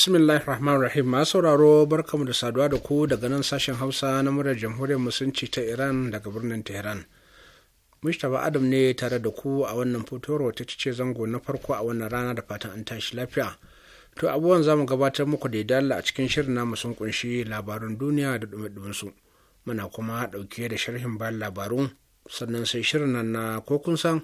Bismillahi rahmanir rahim ma sauraro barkamu da saduwa da ku daga nan sashen hausa na murar jamhuriyar musulunci ta iran daga birnin tehran mustapha adam ne tare da ku a wannan fitowar ta ce zango na farko a wannan rana da fatan an tashi lafiya to abubuwan zamu gabatar muku da dalla a cikin shirin namu sun kunshi labarun duniya da dumadumansu su muna kuma dauke da sharhin bayan labarun sannan sai shirin nan na ko kun san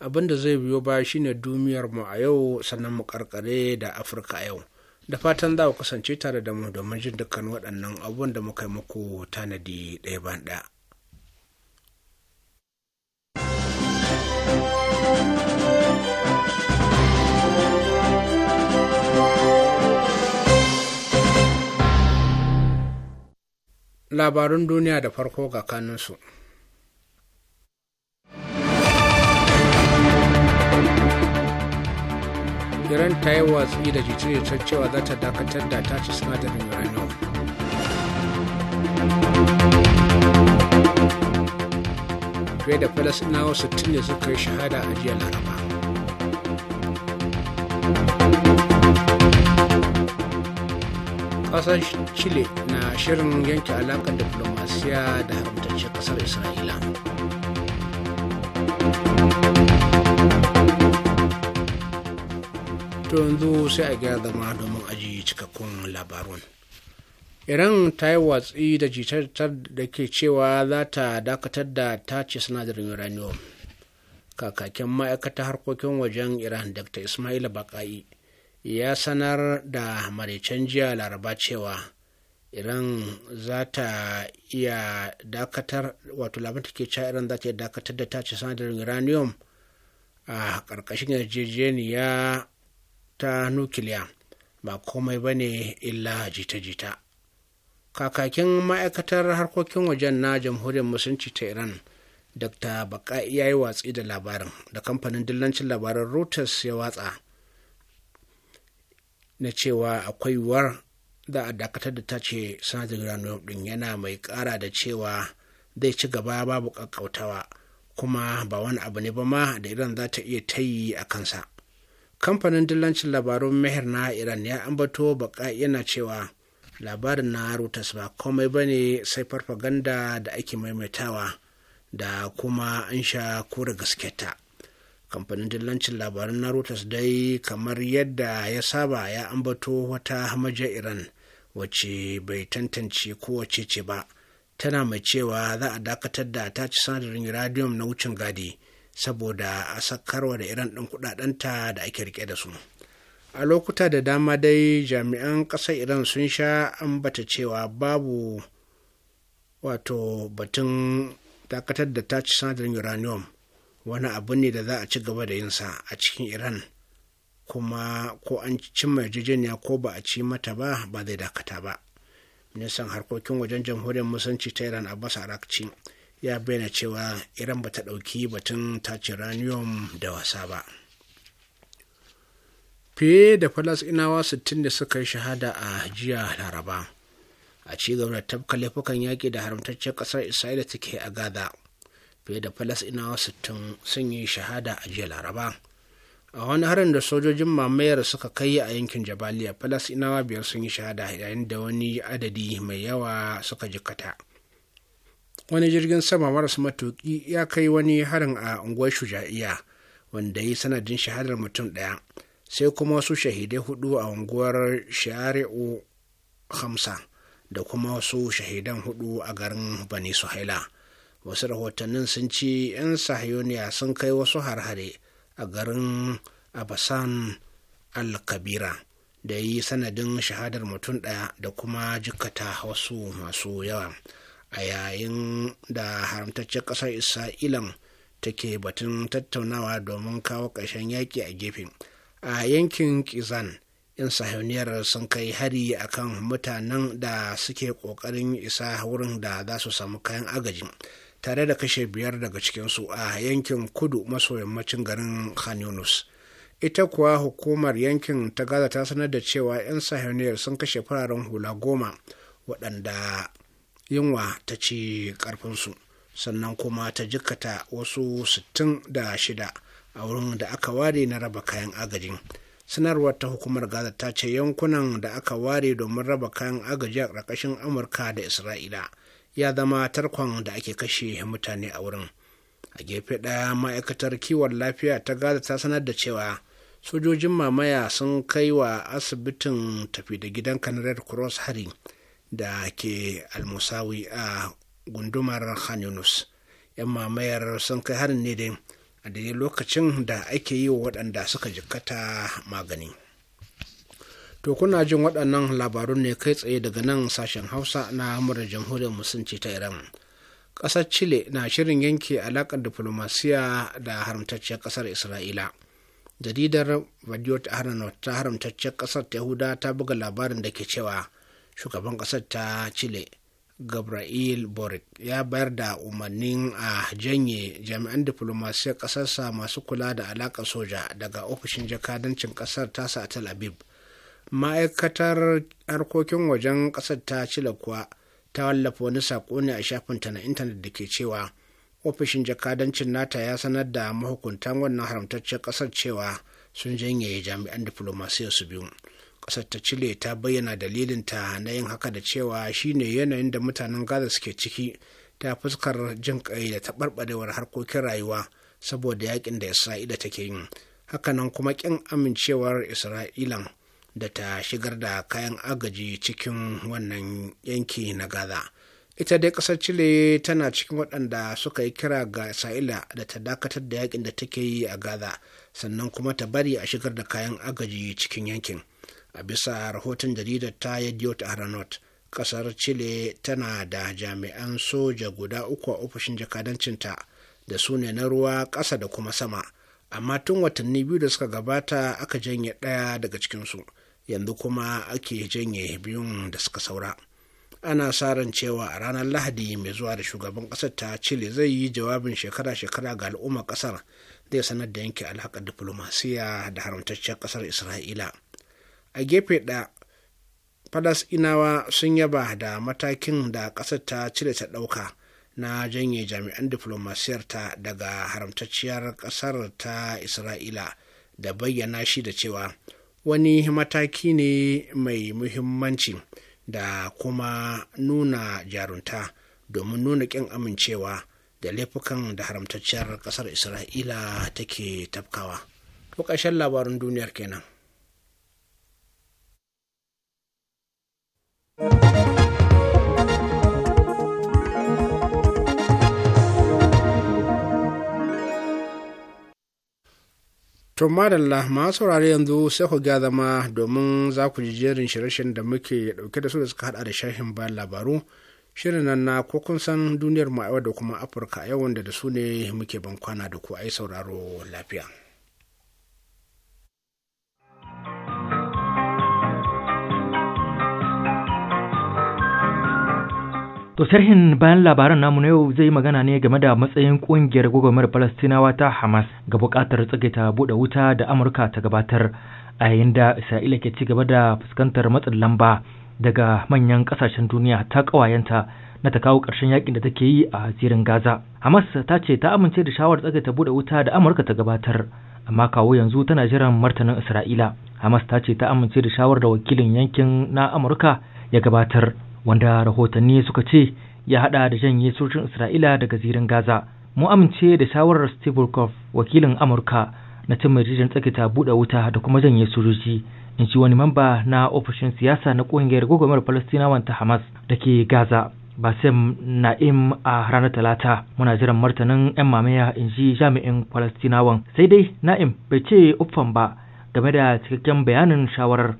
abin da zai biyo baya shine duniyar mu a yau sannan mu karkare da afirka a yau da fatan za ku kasance tare da mu domin jin dukkan waɗannan abubuwan da muka yi muku tanadi ɗaya ban ɗaya. Labarun duniya da farko ga kanunsu. iran ta yi watsi da jita cewa za ta dakatar da ta ci sinadarin uranium fiye da falasinawa 60 ne suka yi shahada a jiya laraba kasar chile na shirin yanke alaƙar diplomasiya da haramtacce ƙasar isra'ila to yanzu sai a gyara zama domin ajiye cikakkun labarun iran ta yi watsi da jitar da ke cewa za ta dakatar da tace sinadarin uranium kakakin ma'aikatar harkokin wajen iran dr ismail bakai ya sanar da maraicen jiya laraba cewa iran za ta iya dakatar wato labarta ke cewa iran za ta iya dakatar da tace sinadarin uranium a ƙarƙashin yarjejeniya ta nukiliya ba komai ba ne illa jita-jita kakakin ma'aikatar harkokin wajen na jamhuriyar musulunci ta iran dr baka ya yi watsi da labarin da kamfanin dillancin labaran reuters ya watsa na cewa akwai yiwuwar da a dakatar da ta ce sanadin ranar din yana mai kara da cewa zai ci gaba babu kakkautawa kuma ba wani abu ne ba ma da iran za ta iya ta a kansa kamfanin dillancin labarun meher na iran ya ambato baka yana cewa labarin na rutas ba komai ba ne sai farfaganda da ake maimaitawa da kuma an sha kura gasketa kamfanin dillancin labarun na rutas dai kamar yadda ya saba ya ambato wata hamajar iran wacce bai tantance kowace ce ba tana mai cewa za a dakatar da ta ci sanadarin radiyon na wucin gadi saboda a sakarwa da iran ɗin kuɗaɗenta da ake rike da su a lokuta da dama dai jami'an ƙasar iran sun sha ambata cewa babu wato batun dakatar da ta ci sanadarin uranium wani abu ne da za a ci gaba da yin sa a cikin iran kuma ko an cimma yarjejeniya ko ba a ci mata ba ba zai dakata ba ministan harkokin wajen jamhuriyar musanci ta iran abbas arakci ya bayyana cewa iran ba ta ɗauki batun tace da wasa ba fiye da falasinawa 60 da suka yi shahada a jiya laraba a ci gaba da tafka laifukan yaƙi da haramtaccen ƙasar isra'ila take a gaza fiye da falasinawa 60 sun yi shahada a jiya laraba a wani harin da sojojin mamayar suka kai a yankin jabaliya falasinawa biyar sun yi shahada yayin da wani adadi mai yawa suka jikata wani jirgin sama maras matuki ya kai wani harin a unguwar shuja'iya wanda ya sanadin shahadar mutum ɗaya sai kuma wasu shahidai hudu a unguwar shari'u hamsa da kuma wasu shahidan hudu a garin bani suhaila wasu rahotannin sun ci 'yan sahiyoniya sun kai wasu harhare a garin abasan al-kabira da yi sanadin shahadar mutum ɗaya da kuma jikata wasu masu yawa a yayin da haramtaccen ƙasar isra'ilan take batun tattaunawa domin kawo ƙarshen yaƙi a gefe a yankin kizan yan sahiyoniyar sun kai hari akan mutanen da suke ƙoƙarin isa wurin da za su samu kayan agaji tare da kashe biyar daga cikinsu a yankin kudu maso yammacin garin khan ita kuwa hukumar yankin ta gaza ta sanar da cewa 'yan sahiyoniyar sun kashe fararen hula goma waɗanda yunwa ta ci ƙarfinsu sannan kuma ta jikata wasu 66 a wurin da aka ware na raba kayan agajin sanarwar ta hukumar gaza ta ce yankunan da aka ware domin raba kayan agaji a ƙarƙashin amurka da isra'ila ya zama tarkon da ake kashe mutane a wurin a gefe ɗaya ma'aikatar kiwon lafiya ta gaza ta sanar da cewa sojojin mamaya sun kai wa asibitin tafi da gidan kanarar red cross hari da ke almusawi a gundumar Khan Yunus. 'Yan mamayar sun kai harin ne dai a daidai lokacin da ake yi wa waɗanda suka jikkata magani. To kuna jin waɗannan labarun ne kai tsaye daga nan sashen Hausa na murar jamhuriyar musulunci ta Iran. Ƙasar Chile na shirin yanke alaƙar diflomasiya da haramtacciyar ƙasar Isra'ila. Jaridar Vadiot ta haramtacciyar ƙasar ta Yahuda ta buga labarin da ke cewa shugaban ƙasar ta chile gabriel boric ya bayar da umarnin a janye jami'an diflomasiyar ƙasarsa masu kula da alaƙa soja daga ofishin jakadancin ƙasar tasa a tel aviv ma'aikatar harkokin wajen ƙasar ta chile kuwa ta wallafa wani saƙo ne a shafinta na intanet da ke cewa ofishin jakadancin nata ya sanar da mahukuntan wannan haramtaccen ƙasar cewa sun janye jami'an diflomasiyar su biyu ƙasar ta chile ta bayyana dalilinta na yin haka da cewa shine yanayin da mutanen gaza suke ciki ta fuskar jin kai da taɓarɓarewar harkokin rayuwa saboda yakin da isra'ila take yin hakanan kuma ƙin amincewar isra'ilan da ta shigar da kayan agaji cikin wannan yanki na gaza ita dai ƙasar chile tana cikin waɗanda suka yi kira ga isra'ila da ta dakatar da yakin da take yi a gaza sannan kuma ta bari a shigar da kayan agaji cikin yankin a bisa rahoton jaridar ta ta aranot kasar chile tana da jami'an soja guda uku a ofishin jakadancinta da su ne na ruwa ƙasa da kuma sama amma tun watanni biyu da suka gabata aka janye ɗaya daga cikinsu yanzu kuma ake janye biyun da suka saura ana sa ran cewa a ranar lahadi mai zuwa da shugaban ƙasar ta chile zai yi jawabin shekara-shekara ga al'ummar ƙasar zai sanar da yanke alhakar diflomasiya da haramtaccen ƙasar isra'ila a gefe ɗaya Inawa sun yaba da matakin da ƙasar ta cire ta ɗauka na janye jami'an diflomasiyar ta daga haramtacciyar ƙasar ta isra'ila da bayyana shi da cewa wani mataki ne mai muhimmanci da kuma nuna jarunta domin nuna ƙin amincewa da laifukan da haramtacciyar ƙasar isra'ila take tafkawa. To ƙarshen labarin duniyar kenan. To madalla masu saurare yanzu sai ku ga zama domin za ku ji jerin shirin da muke dauke da su da suka hada da shahin bayan labaru shirin nan na ko kun san duniyar mu da kuma Afirka a da su ne muke bankwana da ku ai sauraro lafiya. To sharhin bayan labaran namu na yau zai magana ne game da matsayin kungiyar gwagwarmar Falastinawa ta Hamas ga buƙatar tsagaita buɗe wuta da Amurka ta gabatar a yayin da Isra'ila ke ci gaba da fuskantar matsin lamba daga manyan ƙasashen duniya ta ƙawayenta na ta kawo ƙarshen yakin da take yi a zirin Gaza. Hamas ta ce ta amince da shawarar tsagaita buɗe wuta da Amurka ta gabatar amma kawo yanzu tana jiran martanin Isra'ila. Hamas ta ce ta amince da shawarar da wakilin yankin na Amurka ya gabatar wanda rahotanni suka ce ya hada da janye sojin isra'ila daga zirin gaza mu amince da shawarar steve Wolkoff, wakilin amurka na cin marijin tsakita buɗe wuta da kuma janye sojoji in ci wani mamba na ofishin siyasa na ƙungiyar gwagwamar falastinawan ta hamas da ke gaza basem na'im a ranar talata muna jiran martanin 'yan mamaya in ji jami'in falastinawan sai dai na'im bai ce uffan ba game da cikakken bayanin shawarar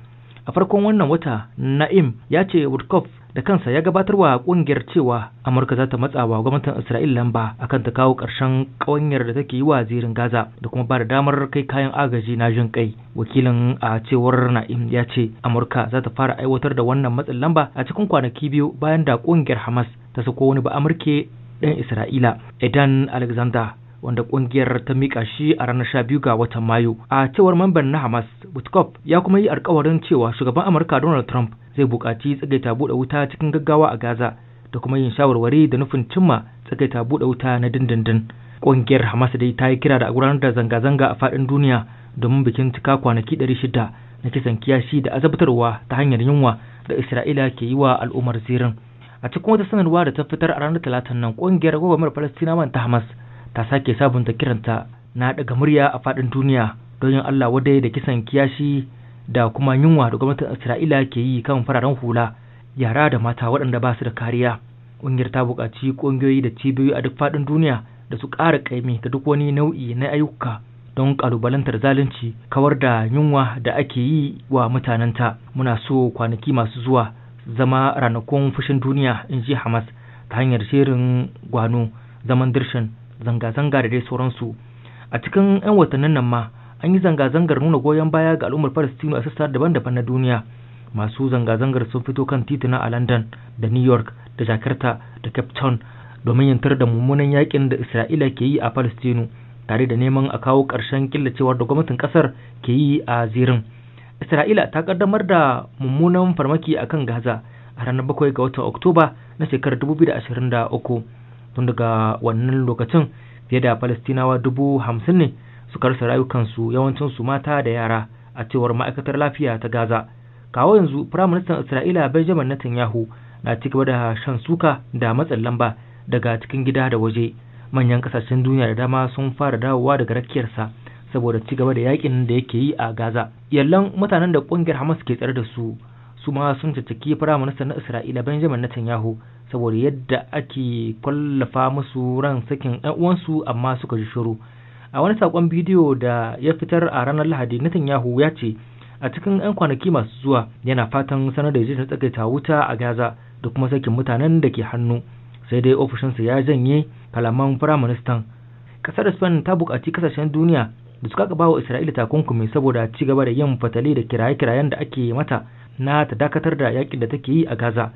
a farkon wannan wata na'im ya ce woodcock da kansa ya gabatar wa kungiyar cewa amurka za ta matsa wa gwamnatin isra'il lamba akan ta kawo ƙarshen ƙawanyar da take yi wa zirin gaza da kuma ba da damar kai kayan agaji na jin kai wakilin a cewar na'im ya ce amurka za ta fara aiwatar da wannan matsin lamba a cikin kwanaki biyu bayan da kungiyar hamas ta sako wani ba amurke ɗan isra'ila idan alexander wanda kungiyar ta mika shi a ranar 12 ga watan Mayu. A cewar mamban na Hamas, Butkov ya kuma yi alkawarin cewa shugaban Amurka Donald Trump zai buƙaci tsagaita buɗe wuta cikin gaggawa a Gaza da kuma yin shawarwari da nufin cimma tsagaita buɗe wuta na dindindin. Kungiyar Hamas dai ta yi kira da gudanar da zanga-zanga a faɗin duniya domin bikin cika kwanaki 600 na kisan kiyashi da azabtarwa ta hanyar yunwa da Isra'ila ke yi wa al'ummar zirin. a cikin wata sanarwa da ta fitar a ranar talatan nan kungiyar gwagwarmar falastinawan ta hamas ta sake sabunta kiranta na daga murya a faɗin duniya don yin Allah wadai da kisan kiyashi da kuma yunwa da gwamnatin Isra'ila ke yi kan fararen hula yara da mata waɗanda ba su da kariya. Ƙungiyar ta buƙaci ƙungiyoyi da cibiyoyi a duk faɗin duniya da su ƙara ƙaimi da duk wani nau'i na ayyuka don ƙalubalantar zalunci kawar da yunwa da ake yi wa mutanenta. Muna so kwanaki masu zuwa zama ranakun fushin duniya in ji Hamas ta hanyar shirin gwano zaman dirshin zanga-zanga da dai sauransu a cikin 'yan watannin nan ma an yi zanga-zangar nuna goyon baya ga al'ummar palestino a sassa daban-daban na duniya masu zanga-zangar sun fito kan tituna a london da new york da jakarta da cape town domin yantar da mummunan yakin da isra'ila ke yi a palestino tare da neman a kawo ƙarshen killacewar da gwamnatin ƙasar ke yi a zirin isra'ila ta kaddamar da mummunan farmaki akan gaza a ranar 7 ga watan oktoba na shekarar 2023 tun daga wannan lokacin fiye da falastinawa dubu hamsin ne suka rasa rayukansu su mata da yara a cewar ma'aikatar lafiya ta gaza kawo yanzu firaministan isra'ila benjamin netanyahu na ci gaba da shan suka da matsin lamba daga cikin gida da waje manyan kasashen duniya da dama sun fara dawowa daga rakiyarsa saboda ci gaba da yakin da yake yi a gaza yallan mutanen da ƙungiyar hamas ke tsare da su su ma sun caccaki firaministan na isra'ila benjamin netanyahu saboda yadda ake kwallafa musu ran sakin uwansu amma suka ji shiru a wani sakon bidiyo da ya fitar a ranar lahadi na Tanyahu ya ce a cikin 'yan kwanaki masu zuwa yana fatan sanar da ta tsakaita wuta a gaza da kuma sakin mutanen da ke hannu sai dai ofishinsa ya janye kalaman firaministan ƙasar spain ta buƙaci kasashen duniya da suka gaba wa isra'ila takunkumi saboda ci gaba da yin fatali da kiraye-kirayen da ake mata na ta dakatar da yakin da take yi a gaza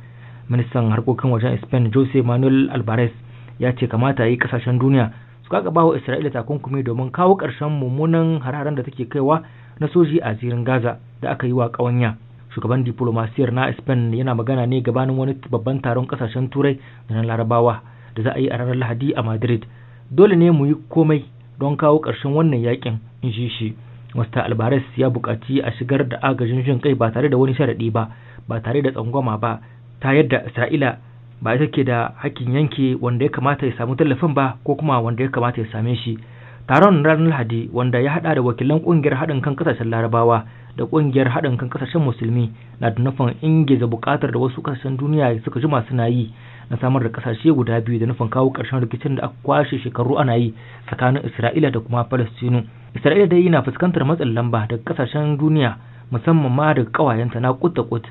ministan harkokin wajen spain jose manuel alvarez ya ce kamata yi kasashen duniya su kaka bawa isra'ila takunkumi domin kawo karshen mummunan hararen da take kaiwa na soji a zirin gaza da aka yi wa kawanya shugaban diplomasiyar na spain yana magana ne gabanin wani babban taron kasashen turai da na larabawa da za a yi a ranar lahadi a madrid dole ne mu yi komai don kawo karshen wannan yakin in ji shi mr alvarez ya buƙaci a shigar da agajin jin kai ba tare da wani sharaɗi ba ba tare da tsangwama ba ta yadda isra'ila ba ita ke da hakkin yanke wanda ya kamata ya samu tallafin ba ko kuma wanda ya kamata ya same shi taron ranar lahadi wanda ya hada da wakilan kungiyar haɗin kan kasashen larabawa da kungiyar haɗin kan kasashen musulmi na da nufin ingiza buƙatar da wasu kasashen duniya suka jima suna yi na samar da kasashe guda biyu da nufin kawo ƙarshen rikicin da aka kwashe shekaru ana yi tsakanin isra'ila da kuma falastinu isra'ila dai na fuskantar matsin lamba daga kasashen duniya musamman ma daga ƙawayenta na kut da kut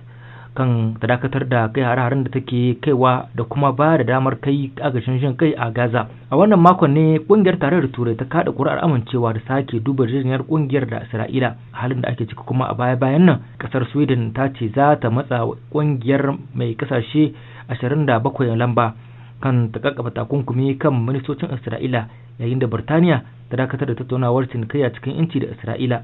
kan ta dakatar da kai hare-haren da take kaiwa da kuma ba da damar kai agashin shan kai a Gaza. A wannan makon ne kungiyar tarayyar Turai ta kada kuri'ar amincewa da sake duba jirgin kungiyar da Isra'ila a halin da ake ciki kuma a baya-bayan nan kasar Sweden ta ce za ta matsa kungiyar mai kasashe 27 lamba kan ta kakkaba takunkumi kan ministocin Isra'ila yayin da Birtaniya ta dakatar da tattaunawar cinikayya cikin inci da Isra'ila.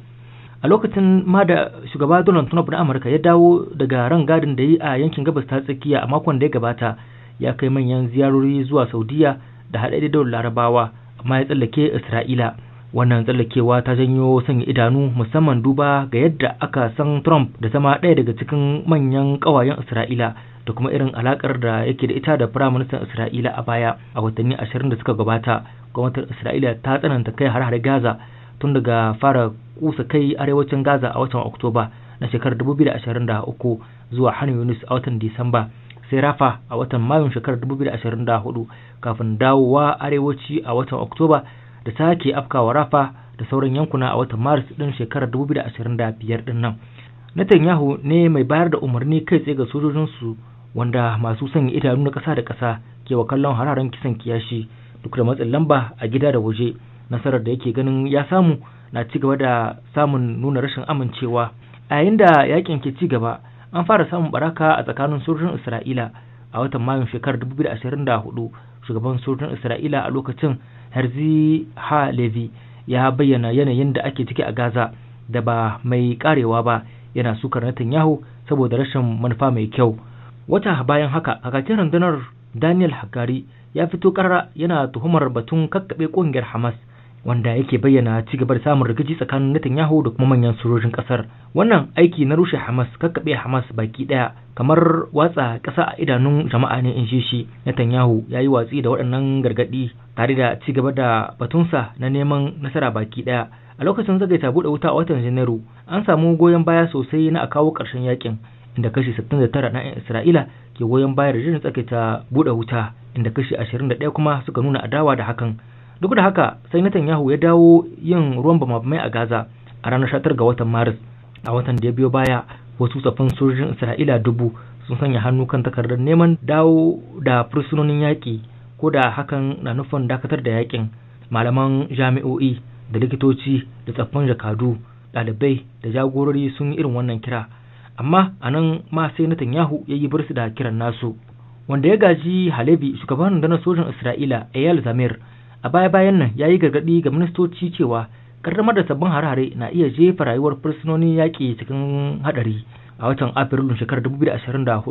a lokacin ma da shugaba donald trump na amurka ya dawo daga ran gadin da yi a yankin gabas ta tsakiya a makon da ya gabata ya kai manyan ziyarori zuwa saudiya da haɗe da larabawa amma ya tsallake isra'ila wannan tsallakewa ta janyo sanya idanu musamman duba ga yadda aka san trump da zama ɗaya daga cikin manyan ƙawayen isra'ila da kuma irin alakar da yake da ita da firaministan isra'ila a baya a watanni ashirin da suka gabata gwamnatin isra'ila ta tsananta kai har har gaza tun daga fara kusa kai arewacin gaza a watan oktoba na shekarar 2023 zuwa han Yunus a watan disamba sai rafa a watan mayun shekarar 2024 kafin dawowa arewaci a watan oktoba da sake afkawa rafa da sauran yankuna a watan maris din shekarar 2025 din netanyahu ne mai bayar da umarni kai tsaye ga sojojinsu wanda masu sanya idanu na ƙasa da ƙasa ke wa kallon hararen kisan kiyashi duk da matsin lamba a gida da waje nasarar da yake ganin ya samu na ci gaba da samun nuna rashin amincewa a yayin da yakin ke ci gaba an fara samun baraka a tsakanin sojojin isra'ila a watan mayun shekarar 2024 shugaban sojojin isra'ila a lokacin herzi ha levi ya bayyana yanayin da ake ciki a gaza da ba mai karewa ba yana sukar netanyahu saboda rashin manufa mai kyau wata bayan haka kakakin rundunar daniel hakari ya fito karara yana tuhumar batun kakkaɓe ƙungiyar hamas wanda yake bayyana ci gaba da samun rikici tsakanin Netanyahu da kuma manyan sojojin kasar. Wannan aiki na rushe Hamas kakkaɓe Hamas baki ɗaya kamar watsa ƙasa a idanun jama'a ne in shi shi Netanyahu ya yi watsi da waɗannan gargaɗi tare da ci gaba da batunsa na neman nasara baki ɗaya. A lokacin zagaita buɗe wuta a watan Janairu an samu goyon baya sosai na a kawo ƙarshen yakin inda kashi 69 na 'yan Isra'ila ke goyon bayar da tsakaita buɗe wuta inda kashi 21 kuma suka nuna adawa da hakan. duk da haka sai netanyahu ya dawo yin ruwan bamabamai a gaza a ranar 19 ga watan maris a watan da ya biyo baya wasu tsafin sojojin isra'ila dubu sun sanya hannu kan takardar neman dawo da fursunonin yaƙi ko da hakan na nufin dakatar da yaƙin malaman jami'o'i da likitoci da tsaffin jakadu ɗalibai da jagorori sun yi irin wannan kira amma a nan ma sai Netanyahu ya yi birsu da kiran nasu wanda ya gaji Halebi shugaban rundunar sojin Isra'ila Eyal Zamir a baya-bayan nan ya yi gargaɗi ga ministoci cewa kaddamar da sabbin hare-hare na iya jefa rayuwar fursunonin yaƙi cikin haɗari a watan afrilun shekarar 2024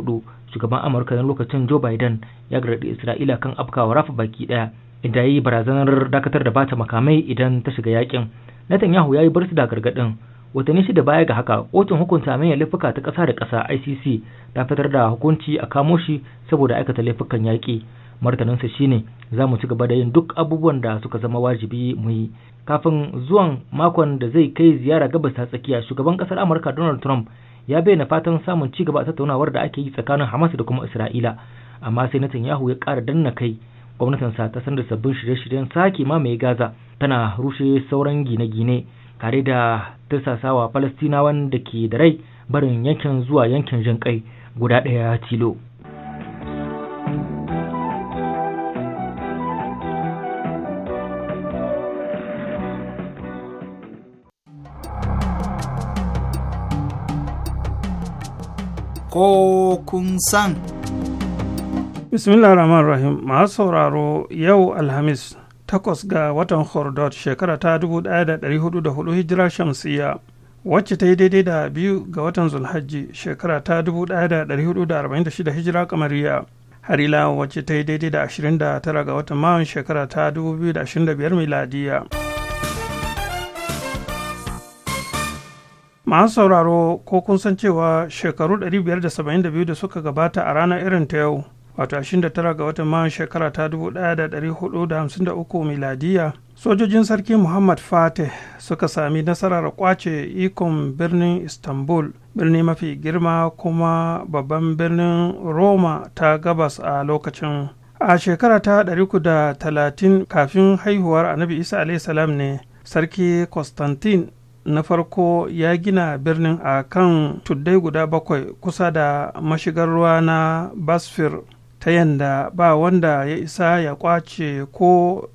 shugaban amurka na lokacin joe biden ya gargaɗi isra'ila kan afkawa rafa baki ɗaya inda ya yi barazanar dakatar da bata makamai idan ta shiga yaƙin netanyahu ya yi barsu da gargaɗin watanni shida baya ga haka kotun hukunta mai laifuka ta ƙasa da ƙasa icc ta fitar da hukunci a kamo shi saboda aikata laifukan yaƙi martaninsa shine za mu ci gaba da yin duk abubuwan da suka zama wajibi mu yi kafin zuwan makon da zai kai ziyara gabas ta tsakiya shugaban kasar amurka donald trump ya bayyana fatan samun ci gaba a tattaunawar da ake yi tsakanin hamas da kuma isra'ila amma sai yahu ya kara danna kai gwamnatinsa ta sanar sabbin shirye-shiryen sake mamaye gaza tana rushe sauran gine-gine tare da tursasawa falastinawan da ke da rai barin yankin zuwa yankin jin kai guda ɗaya tilo ko kun san. bismillah rahman rahim masu sauraro yau alhamis takwas ga watan hordot shekara ta 1404 hijira shamsiya wacce ta yi daidai da biyu ga watan zulhajji shekara ta 1446 hijira kamariya har ila wacce ta yi daidai da 29 ga watan mawan shekara ta 2025 miladiya. masu sauraro ko kun san cewa shekaru 572 da suka gabata a ranar irin ta yau wato 29 ga watan mayan shekara ta 1453 miladiya sojojin sarki muhammad fatih suka sami nasarar kwace ikon birnin istanbul birni mafi girma kuma babban birnin roma ta gabas a lokacin a shekara ta 130 kafin haihuwar annabi isa a.s. ne sarki constantine na farko ya gina birnin a kan tuddai guda bakwai kusa da mashigar ruwa na basfir ta yanda ba wanda ya isa ya kwace ko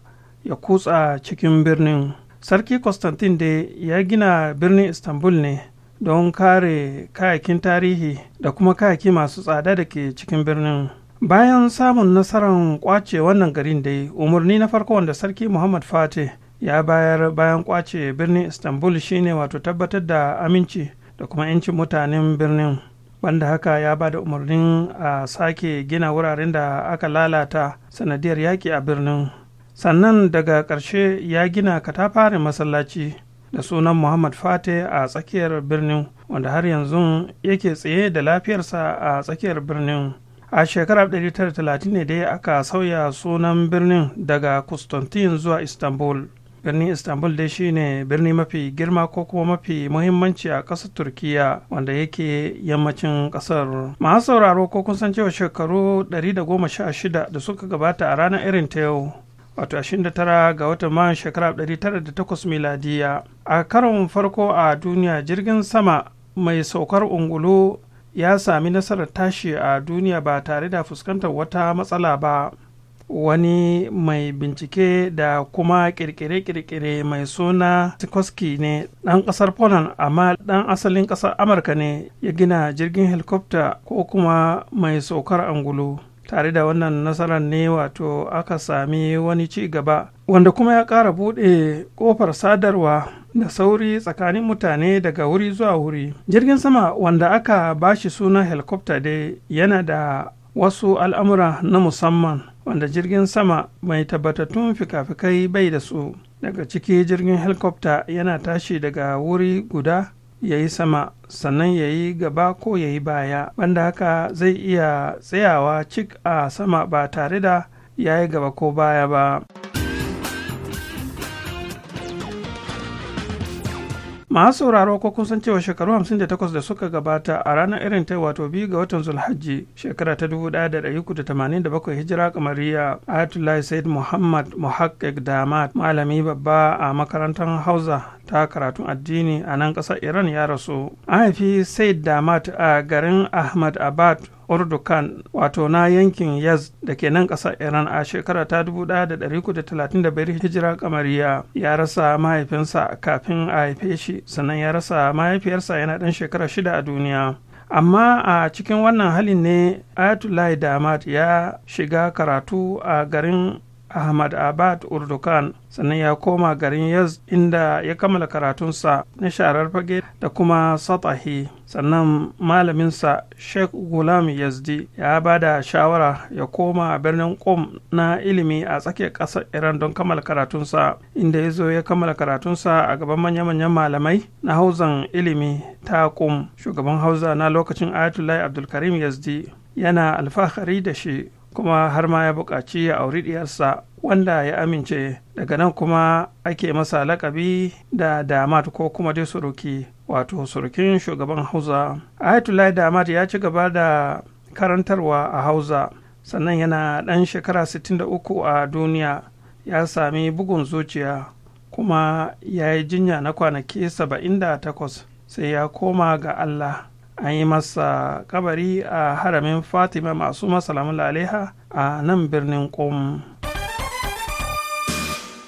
ya kutsa cikin birnin sarki constantine dai ya gina birnin istanbul ne don kare kayakin tarihi da kuma kayaki masu tsada da ke cikin birnin bayan samun nasarar kwace wannan garin dai umarni na farko wanda sarki muhammad fatih ya bayar bayan kwace birnin istanbul shine wato tabbatar da aminci da kuma 'yancin mutanen birnin banda haka ya ba da umarnin a sake gina wuraren da aka lalata sanadiyar yaki a birnin sannan daga ƙarshe ya gina katafarin masallaci da sunan muhammad fate a tsakiyar birnin wanda har yanzu yake tsaye da lafiyarsa a tsakiyar birnin a shekarar 1930 ne dai aka sauya sunan birnin daga Constantine zuwa istanbul birnin istanbul dai shine birni mafi girma ko kuma mafi muhimmanci a ƙasar turkiya wanda yake yammacin ƙasar masu sauraro ko kun san cewa shekaru 116 da suka gabata a ranar irin ta yau wato 29 ga watan mayan shekara 908 miladiya a karon farko a duniya jirgin sama mai saukar ungulu ya sami nasarar tashi a duniya ba tare da fuskantar wata matsala ba wani mai bincike da kuma kirkire-kirkire mai suna Sikorsky ne ɗan ƙasar Poland amma ɗan asalin ƙasar Amurka ne ya gina jirgin helikopta ko kuma mai saukar angulu. Tare da wannan nasarar ne wato aka sami wani ci gaba wanda kuma ya ƙara buɗe ƙofar sadarwa da sauri tsakanin mutane daga wuri zuwa wuri. Jirgin sama wanda aka bashi suna helikopta dai yana da wasu al'amura na musamman. wanda jirgin sama mai tabbatattun fikafikai bai da su daga ciki jirgin helikofta yana tashi daga wuri guda ya yi sama sannan ya yi gaba ko ya yi baya banda haka zai iya tsayawa cik a sama ba tare da ya yi gaba ko baya ba. masu sauraro ko kun san cewa shekaru 58 da suka gabata a ranar irin ta wato biyu ga watan Zulhaji, shekara ta 1987 hijira kamariya ayatollah said muhammad muhakkik damat malami babba a makarantar hausa ta karatun addini a nan ƙasar iran ya rasu an haifi said damat a garin ahmad abad urdukan wato na yankin yaz da ke nan ƙasar iran a shekara ta 1935 hijira kamariya ya rasa mahaifinsa kafin a haife shi sannan ya rasa mahaifiyarsa yana ɗan shekara shida a duniya amma a cikin wannan halin ne ayatollah damat ya shiga karatu a garin ahmad abad urdukan sannan ya koma garin yaz inda ya kammala karatunsa na sharar fage da kuma satahi sannan malaminsa sheikh gulam yazdi ya ba da shawara ya koma birnin qom na ilimi a tsakiyar ƙasar iran don kammala karatunsa inda ya zo ya kammala karatunsa a gaban manya-manyan malamai na hauzan ilimi ta qom shugaban hauza na lokacin ayatollah abdulkarim yazdi yana alfahari da shi kuma har ma ya buƙaci ya auri ɗiyarsa wanda ya amince daga nan kuma ake masa lakabi da damat ko kuma dai suruki wato surukin shugaban hausa ayatollah damat ya ci gaba da karantarwa a hausa sannan yana ɗan shekara 63 a duniya ya sami bugun zuciya kuma ya yi jinya na kwanaki 78 sai ya koma ga allah an yi masa kabari a haramin fatima masu masalamun alaiha a nan birnin qom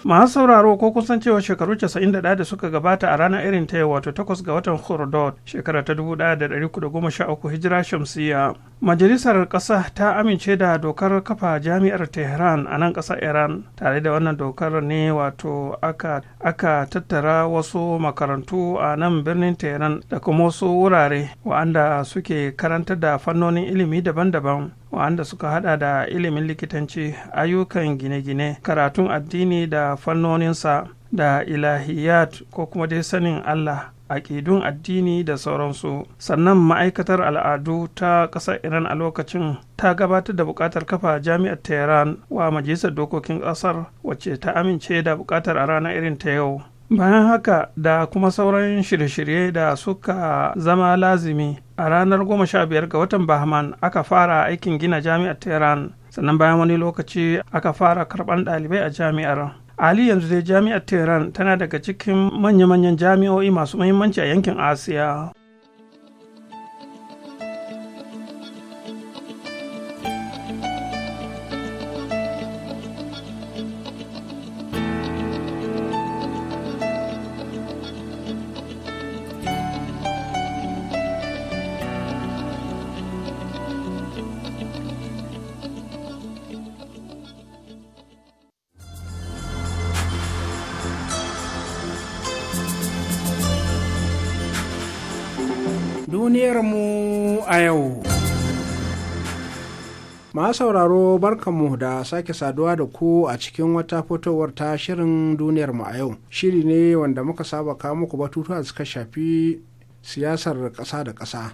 masu sauraro ko kusan cewa shekaru 91 da suka gabata a ranar irin ta wato 8 ga watan hurdod shekara ta 1913 hijira shamsiya majalisar ƙasa ta amince da dokar kafa jami'ar tehran a nan ƙasar iran tare da wannan dokar ne wato aka, tattara wasu makarantu a nan birnin tehran da kuma wasu wurare wa'anda suke karanta da fannonin ilimi daban-daban wanda suka hada da ilimin likitanci ayyukan gine-gine karatun addini da fannoninsa da ilahiyat ko kuma dai sanin allah aƙidun addini da sauransu sannan ma'aikatar al'adu ta ƙasar iran a lokacin ta gabatar da buƙatar kafa jami'ar tehran wa majalisar dokokin ƙasar wacce ta amince da buƙatar a ranar irin ta yau bayan haka da kuma sauran shirye-shirye da suka zama lazimi a ranar goma sha biyar ga watan bahman aka fara aikin gina jami'ar tehran sannan bayan wani lokaci aka fara karban ɗalibai a jami'ar ali yanzu dai jami'ar tehran tana daga cikin manya-manyan jami'o'i masu muhimmanci a yankin asiya yau. Ma sauraro barkanmu da sake saduwa da ku a cikin wata fitowar ta shirin duniyar mu a yau. Shiri ne wanda muka saba kawo muku batutuwa suka shafi siyasar ƙasa da ƙasa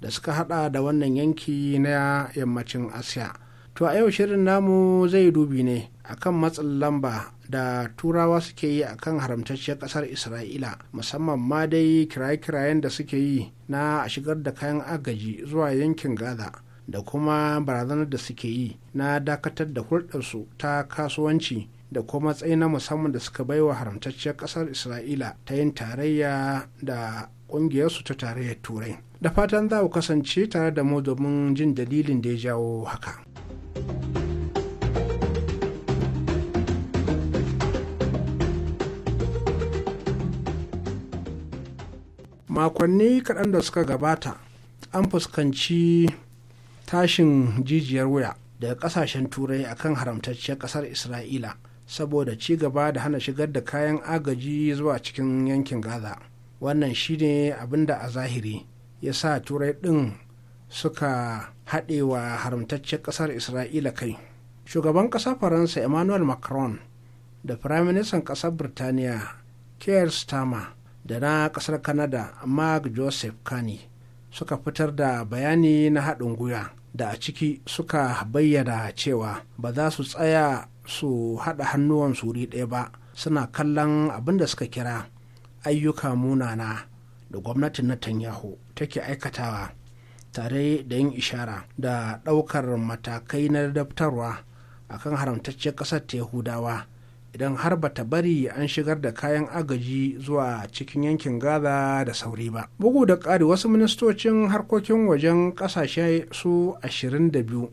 da suka haɗa da wannan yanki na yammacin Asiya. To a yau shirin namu zai dubi ne akan matsin lamba da turawa suke yi akan haramtacciyar kasar isra'ila musamman ma dai kiraye-kirayen da suke yi na a shigar da kayan agaji zuwa yankin gaza da kuma barazanar da suke yi na dakatar da hulɗarsu ta kasuwanci da kuma tsayi na musamman da suka baiwa haramtacciyar kasar isra'ila ta yin tarayya da ƙungiyarsu ta tarayyar turai da fatan za ku kasance tare da mu domin jin dalilin da ya jawo haka. makonni kaɗan da suka gabata an fuskanci tashin jijiyar wuya daga ƙasashen turai akan haramtacciyar ƙasar isra'ila saboda ci gaba da hana shigar da kayan agaji zuwa cikin yankin gaza wannan shine abin da a zahiri ya sa turai ɗin suka haɗewa haramtacciyar ƙasar isra'ila kai shugaban ƙasar faransa emmanuel macron da firaministan ƙasar birtaniya keir starmer da na kasar canada mark joseph kani suka fitar da bayani na haɗin gwiwa da a ciki suka bayyana cewa ba za su tsaya su haɗa hannuwan suri ɗaya ba suna kallon abin da suka kira ayyuka munana da gwamnatin Netanyahu take aikatawa tare da yin ishara da ɗaukar matakai na daftarwa akan haramtacciyar ƙasar ta Yahudawa idan har bata bari an shigar da kayan agaji zuwa cikin yankin gaza da sauri ba bugu da ƙari wasu ministocin harkokin wajen ƙasashe su 22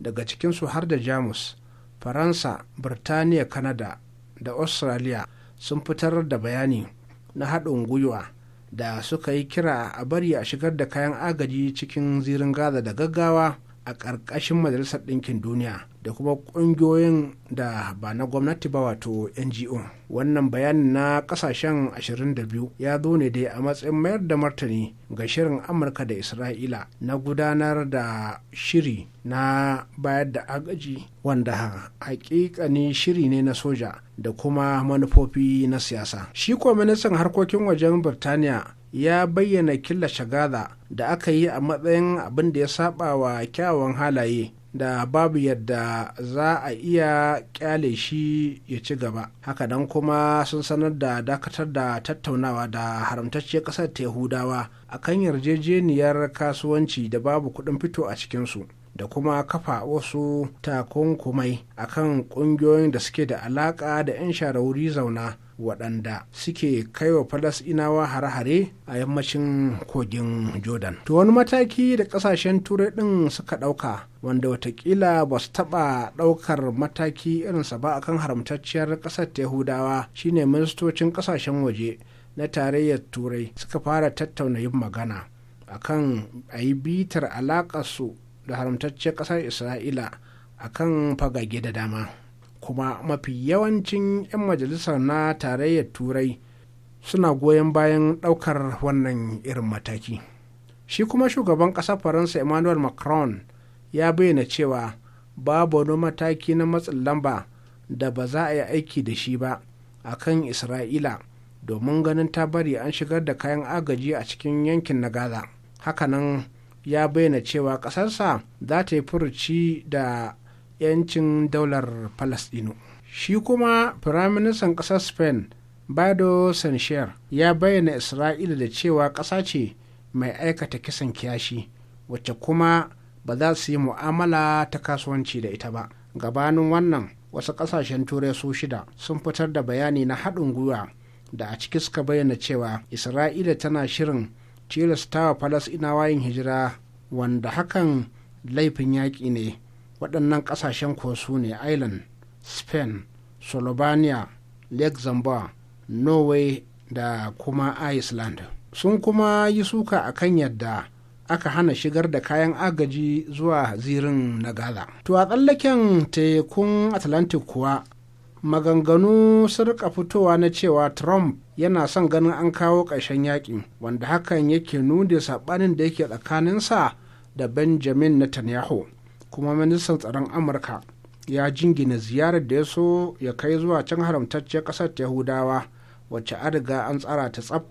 daga cikinsu har da jamus faransa birtaniya kanada da australia sun fitar da bayani na haɗin gwiwa da suka yi kira a bari a shigar da kayan agaji cikin zirin gaza da gaggawa a ƙarƙashin majalisar ɗinkin duniya da kuma kungiyoyin da ba na gwamnati ba wato ngo wannan bayanin na kasashen 22 ya zo ne dai a matsayin mayar da martani ga shirin amurka da isra'ila na gudanar da shiri na bayar da agaji wanda hakikani shiri ne na soja da kuma manufofi na siyasa shi kuwa ministan harkokin wajen birtaniya ya bayyana killace gaza da aka yi a matsayin abin da ya saba wa kyawawan halaye da babu yadda za a iya kyale shi ya ci gaba Haka nan kuma sun sanar da dakatar da tattaunawa da haramtacciyar ƙasar ta yahudawa a kan yarjejeniyar kasuwanci da babu kuɗin fito a cikinsu da kuma kafa wasu takunkumai a kan ƙungiyoyin da suke da alaƙa da 'yan shara wuri zauna waɗanda suke kai kaiwa falasɗinawa hare-hare a yammacin kogin jordan to wani mataki da ƙasashen turai ɗin suka ɗauka wanda watakila ba su taɓa ɗaukar mataki irinsa ba akan haramtacciyar ƙasar ta yahudawa shine ministocin ƙasashen waje na tarayyar turai suka fara tattauna yin magana akan a yi bitar alaƙarsu da haramtacciyar ƙasar isra'ila akan fagage da dama kuma mafi yawancin 'yan majalisar na tarayyar turai suna goyon bayan ɗaukar wannan irin mataki shi kuma shugaban ƙasar faransa emmanuel macron ya bayyana cewa babu wani mataki na matsin lamba da ba za a yi aiki da shi ba a kan isra'ila domin ganin ta bari an shigar da kayan agaji a cikin yankin na gaza hakanan ya bayyana cewa ƙasarsa za ta yi furuci da 'yancin daular palestino shi kuma firaministan ƙasar spain bado Sanchez ya bayyana isra'ila da cewa ƙasa ce mai aikata kisan kiyashi wacce kuma ba za su yi mu'amala ta kasuwanci da ita ba gabanin wannan wasu ƙasashen turai su shida sun fitar da bayani na haɗin gwiwa da a ciki suka bayyana cewa isra'ila tana shirin tilastawa palestinawa yin hijira wanda hakan laifin yaƙi ne waɗannan ƙasashen ko su ne ireland spain slovenia luxembourg norway da kuma iceland sun kuma yi suka a kan yadda aka hana shigar da kayan agaji zuwa zirin na gaza to a tsallaken tekun atlantic kuwa maganganu sun fitowa na cewa trump yana son ganin an kawo ƙarshen yakin wanda hakan yake nuna saɓanin da yake tsakaninsa da benjamin netanyahu kuma ministan tsaron amurka ya jingina ziyarar da ya so ya kai zuwa can haramtacciyar kasar yahudawa wacce an riga an tsara ta tsab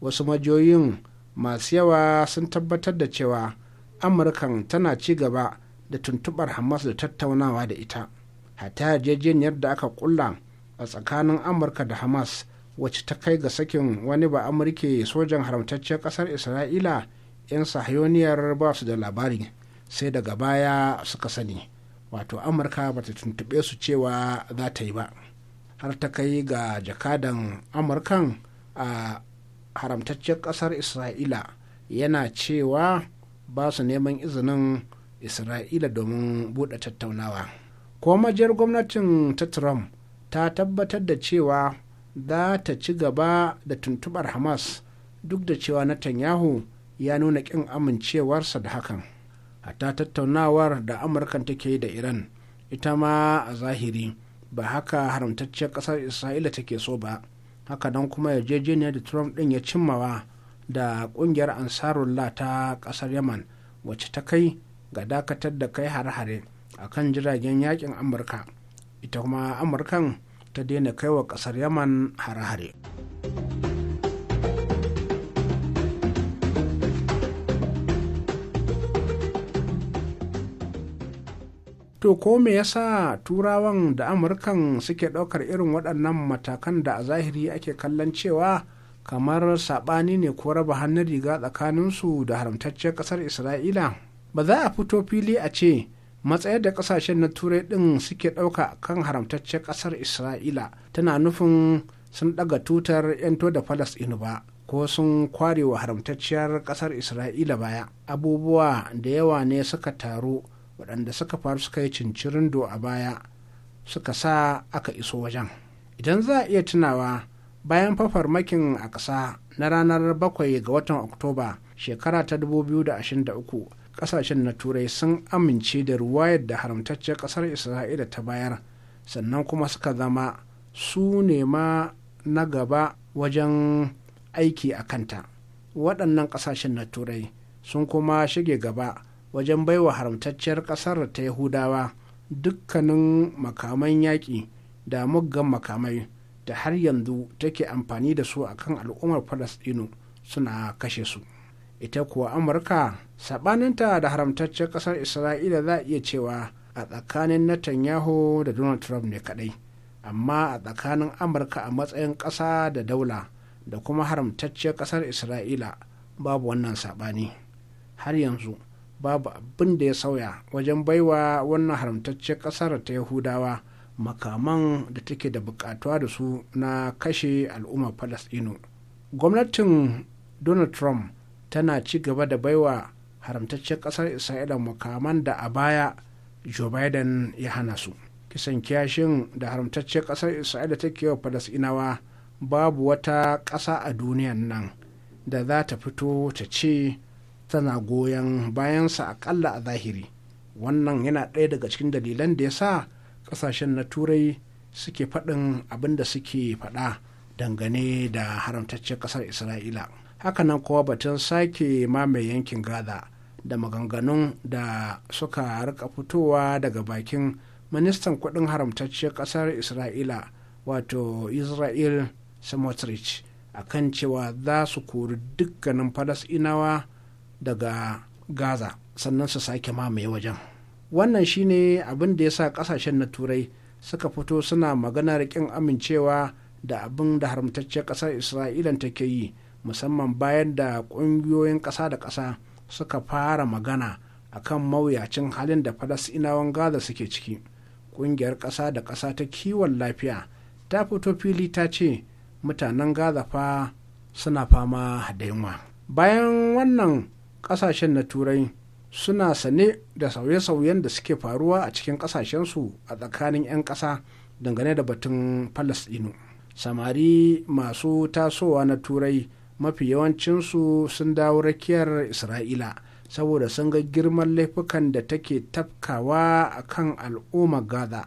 wasu majoyin masu yawa sun tabbatar da cewa amurkan tana ci gaba da tuntubar hamas da tattaunawa da ita hatta yarjejeniyar da aka kulla a tsakanin amurka da hamas wacce ta kai ga sakin wani ba amurke sojan haramtacciyar kasar isra'ila 'yan sahayoniyar ba su da labari sai daga baya suka sani wato amurka ba ta tuntuɓe su cewa za ta yi ba har ta kai ga jakadan amurkan a haramtaccen ƙasar isra'ila yana cewa ba su neman izinin isra'ila domin buɗe tattaunawa ko jiyar gwamnatin ta trump ta tabbatar da cewa za ta ci gaba da tuntubar hamas duk da cewa netanyahu ya nuna ƙin amincewarsa da hakan a ta tattaunawar da amurkan take da iran ita ma a zahiri ba haka haramtacciyar ƙasar isra'ila take so ba haka don kuma yarjejeniya da trump din ya cimmawa da ƙungiyar ansarullah ta ƙasar yaman wacce ta kai ga dakatar da kai hare-hare a kan jiragen yakin amurka ita kuma amurkan ta daina kai wa ƙasar yaman har hare to ko me yasa turawan da amurkan suke ɗaukar irin waɗannan matakan da a zahiri ake kallon cewa kamar saɓani ne ko raba hannun riga tsakaninsu da haramtacciyar ƙasar isra'ila ba za a fito fili a ce matsayar da ƙasashen na turai ɗin suke ɗauka kan haramtacciyar ƙasar isra'ila tana nufin sun ɗaga tutar 'yanto da falasɗinu ba ko sun kware wa haramtacciyar ƙasar isra'ila baya abubuwa da yawa ne suka taru waɗanda suka faru suka yi cincirin do a baya suka sa aka iso wajen idan za a iya tunawa bayan fafarmakin a ƙasa na ranar bakwai ga watan oktoba shekara ta 2023 ƙasashen na turai sun amince da ruwayar da haramtaccen ƙasar isra'ila ta bayar sannan kuma suka zama su ne ma na gaba wajen aiki a kanta waɗannan ƙasashen na turai sun kuma shige gaba wajen baiwa haramtacciyar ƙasar ta yahudawa dukkanin makaman yaƙi da muggan makamai da har yanzu take amfani da su a kan al'ummar falasɗinu suna kashe su ita kuwa amurka saɓaninta da haramtacciyar ƙasar isra'ila za a iya cewa a tsakanin netanyahu da donald trump ne kaɗai amma a tsakanin amurka a matsayin ƙasa da daula da kuma haramtacciyar ƙasar isra'ila babu wannan saɓani har yanzu babu abin da ya sauya wajen baiwa wannan haramtacce ƙasar ta yahudawa makaman da take da bukatuwa da su na kashe al'ummar falasɗinu gwamnatin donald trump tana ci gaba da baiwa haramtacce kasar isra'ila makaman da a baya joe biden ya hana su kisan kiyashin da haramtacce ƙasar isra'ila take wa falasɗinawa babu wata ƙasa a duniyan nan da za ta fito ta ce tana goyon bayansa akalla a zahiri wannan yana ɗaya daga cikin dalilan da ya sa ƙasashen na turai suke faɗin abin da suke faɗa dangane da haramtaccen ƙasar isra'ila hakanan kowa batun sake mamaye yankin gaza da maganganun da suka rika fitowa daga bakin ministan kuɗin haramtacciyar ƙasar isra'ila wato israel smotrich akan cewa za su kori dukkanin falasinawa daga gaza sannan su sake mamaye wajen wannan shine abin da ya sa kasashen na turai suka fito suna maganar kin amincewa da abin da haramtacciyar ƙasar isra'ila take yi musamman bayan da ƙungiyoyin ƙasa da ƙasa suka fara magana akan mawuyacin halin da falasinawan gaza suke ciki ƙungiyar ƙasa da ƙasa ta kiwon lafiya ta fito fili ta ce mutanen gaza fa suna fama da yunwa bayan wannan ƙasashen na turai suna sane da sauye-sauyen da suke faruwa a cikin ƙasashensu a tsakanin 'yan ƙasa dangane da batun falasɗinu samari masu tasowa na turai mafi yawancinsu sun dawo rakiyar isra'ila saboda sun ga girman laifukan da take tafkawa a kan al'ummar gaza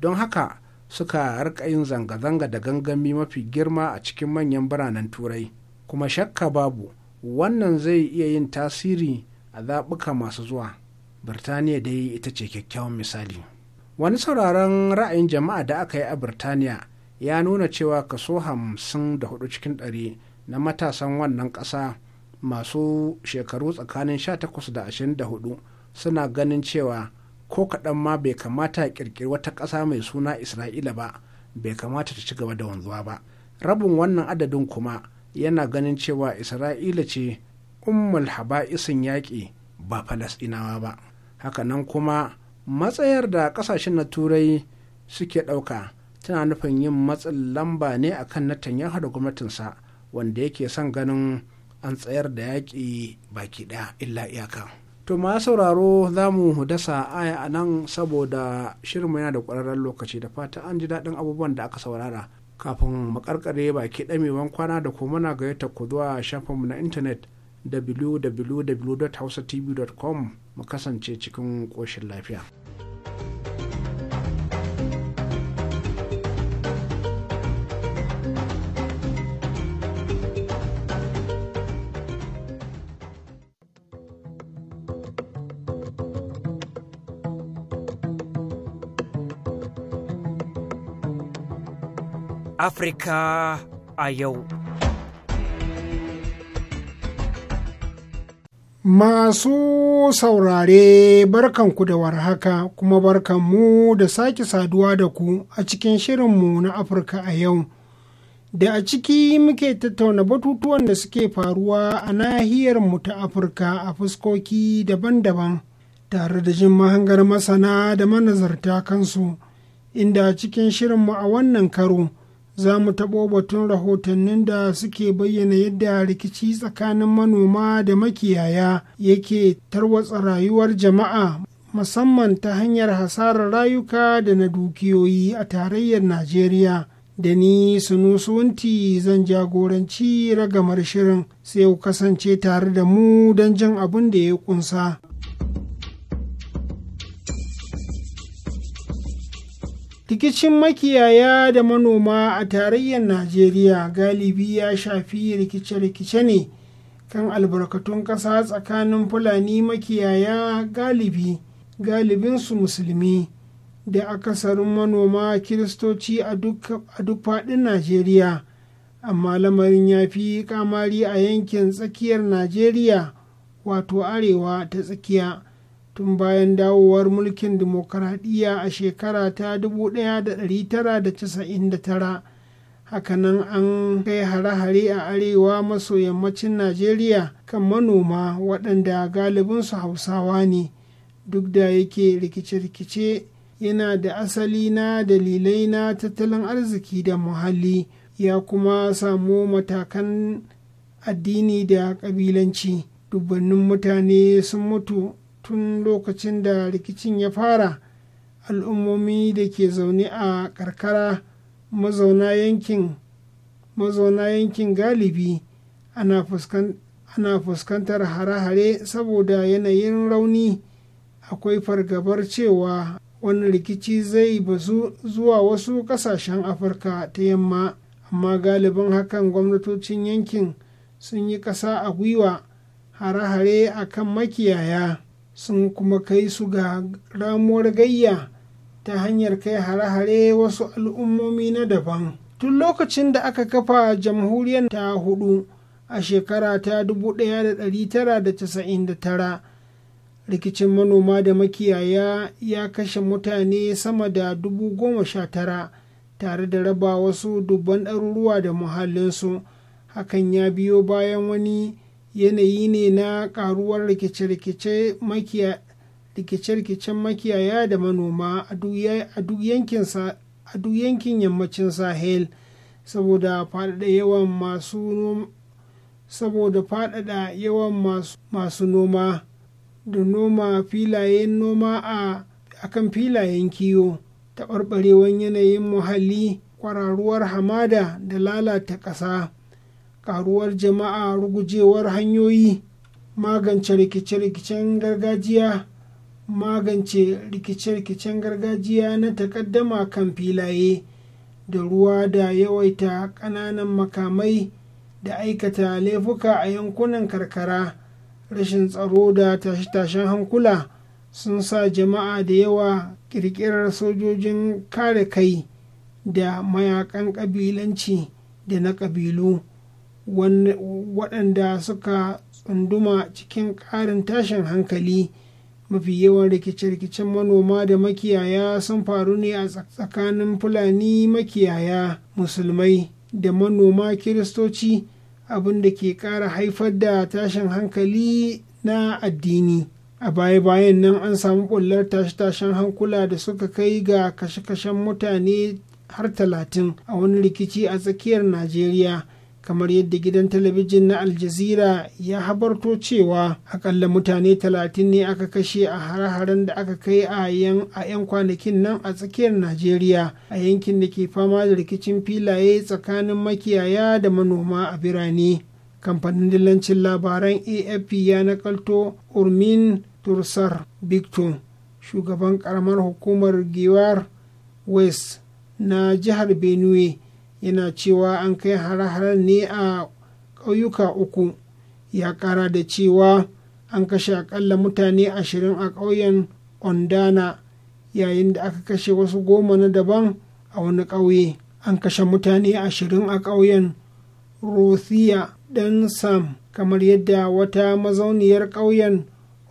don haka suka rika yin zanga-zanga da gangami mafi girma a cikin manyan biranen turai kuma shakka babu wannan zai iya yin tasiri a zaɓuka masu zuwa birtaniya dai ita ce kyakkyawan misali wani sauraron ra'ayin jama'a da aka yi a birtaniya ya nuna cewa kaso hamsin da hudu cikin ɗari na matasan wannan ƙasa masu shekaru tsakanin sha takwas da hudu suna ganin cewa ko kaɗan ma bai kamata ƙirƙiri wata ƙasa mai suna isra'ila ba bai kamata ta ci gaba da wanzuwa ba rabin wannan adadin kuma yana ganin cewa isra'ila ce ummul haba'isin yaƙi ba falasɗinawa ba hakanan kuma matsayar da ƙasashen na turai suke ɗauka tana nufin yin matsin lamba ne akan Netanyahu da gwamnatinsa wanda yake son ganin an tsayar da yaƙi baki ɗaya illa iyaka. To ma sauraro za mu dasa aya a nan saboda shirinmu yana da ƙwararren lokaci da fata an ji daɗin abubuwan da aka saurara. kafin makarkare baki damewan kwana da kuma muna gayyata ku zuwa shafinmu na intanet www.hausatv.com mu kasance cikin koshin lafiya. Afirka a yau. Masu saurare barkan ku da warhaka kuma barkan mu da sake saduwa da ku a cikin shirinmu na Afirka a yau. Da a ciki muke tattauna batutuwan da suke faruwa a nahiyar mu ta Afirka a fuskoki daban-daban tare da jin mahangar masana da manazarta kansu, inda a cikin shirinmu a wannan karo. za mu taɓo batun rahotannin da suke bayyana yadda rikici tsakanin manoma da makiyaya yake tarwatsa rayuwar jama'a musamman ta hanyar hasarar rayuka da na dukiyoyi a tarayyar najeriya da ni sunusunti zan jagoranci ragamar shirin sai ku kasance tare da mu don jin abin da ya kunsa. rikicin makiyaya da manoma a tarayyar najeriya galibi ya shafi rikice-rikice ne kan albarkatun ƙasa tsakanin fulani makiyaya galibi galibinsu musulmi da akasarin manoma kiristoci a duk faɗin najeriya amma lamarin ya fi kamari a yankin tsakiyar najeriya wato arewa ta tsakiya tun bayan dawowar mulkin dimokuraɗiyya a shekara ta 1999 hakanan an kai hare-hare a arewa maso yammacin najeriya kan manoma waɗanda galibinsu hausawa ne duk da yake rikice-rikice yana da asali na dalilai na tattalin arziki da muhalli ya kuma samu matakan addini da ƙabilanci dubbannin mutane sun mutu tun lokacin da rikicin ya fara al'ummomi da ke zaune a karkara mazauna yankin mazauna yankin galibi ana fuskantar hare-hare saboda yanayin rauni akwai fargabar cewa wani rikici zai bazu zuwa wasu kasashen afirka ta yamma amma galibin hakan gwamnatocin yankin sun yi ƙasa a gwiwa hare-hare a kan makiyaya sun kuma kai su ga ramuwar gayya ta hanyar kai hare-hare wasu al'ummomi na daban tun lokacin da aka kafa jamhuriyar ta hudu a shekara ta 1999 rikicin manoma da makiyaya ya kashe mutane sama da dubu goma sha tara tare da raba wasu dubban ɗaruruwa da muhallinsu hakan ya biyo bayan wani yanayi ne na karuwar rikice-rikicen makiyaya da manoma a duk yankin yammacin sahel saboda faɗaɗa yawan masu saboda faɗaɗa yawan masu noma da noma filayen noma a kan filayen kiwo taɓarɓarewan yanayin muhalli kwararuwar hamada da lalata ƙasa karuwar jama'a rugujewar hanyoyi magance rikice-rikicen gargajiya magance rikice-rikicen gargajiya na takaddama kan filaye da ruwa da yawaita ƙananan makamai da aikata laifuka a yankunan karkara rashin tsaro da tashe-tashen hankula sun sa jama'a da yawa ƙirƙirar sojojin kare kai da mayakan ƙabilanci da na ƙabilu waɗanda suka tsunduma cikin ƙarin tashin hankali mafi yawan rikice-rikicen manoma da makiyaya sun faru ne a tsakanin fulani makiyaya musulmai da manoma kiristoci abin da ke ƙara haifar da tashin hankali na addini a baya-bayan nan an samu ɓullar tashe-tashen hankula da suka kai ga kashe-kashen mutane har talatin a wani rikici a tsakiyar najeriya kamar yadda gidan talabijin na aljazira ya habarto cewa akalla mutane talatin ne aka kashe a hare-haren da aka kai a 'yan kwanakin nan a tsakiyar najeriya a yankin da ke fama da rikicin filaye tsakanin makiyaya da manoma a birane kamfanin dillancin labaran afp ya nakalto urmin tursar bigton shugaban karamar hukumar giwar west na jihar benue yana cewa an kai har-har ne a ƙauyuka uku ya ƙara da cewa an kashe aƙalla mutane ashirin a ƙauyen ondana yayin da aka kashe wasu goma na daban a wani ƙauye an kashe mutane ashirin a ƙauyen rusiya dan sam kamar yadda wata mazauniyar ƙauyen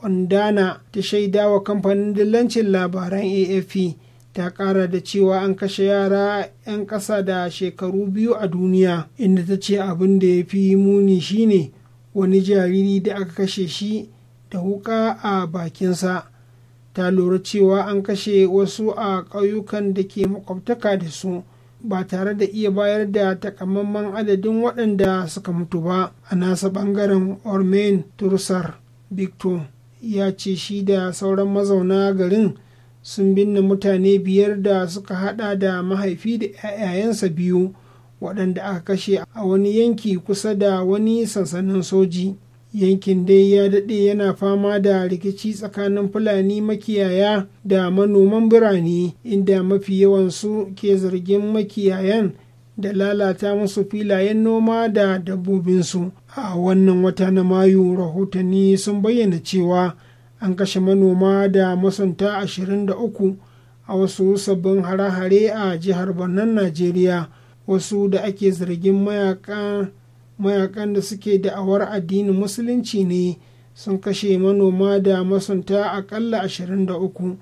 ondana ta shaidawa kamfanin dillancin labaran afp ta kara da cewa an kashe yara 'yan ƙasa da shekaru biyu a duniya inda ta ce abin da ya fi muni shine wani jariri da aka kashe shi da wuka a bakinsa ta lura cewa an kashe wasu a ƙauyukan da ke makwabtaka da su ba tare da iya bayar da takamaiman adadin waɗanda suka mutu ba a nasa ɓangaren ormain tursar victor ya ce shi da sauran mazauna garin sun binne mutane biyar da suka hada da mahaifi da 'ya'yayansa biyu waɗanda aka kashe a wani yanki kusa da wani sansanin soji yankin dai ya daɗe yana fama da rikici tsakanin fulani makiyaya da manoman birane inda mafi yawansu ke zargin makiyayan da lalata musu filayen noma da dabbobinsu a wannan wata na mayu rahotanni sun bayyana cewa an kashe manoma da masanta 23 a wasu sabbin hare-hare a jihar Barnan Najeriya wasu da ake zargin mayakan mayakan da suke da'awar addinin musulunci ne sun kashe manoma da masunta akalla 23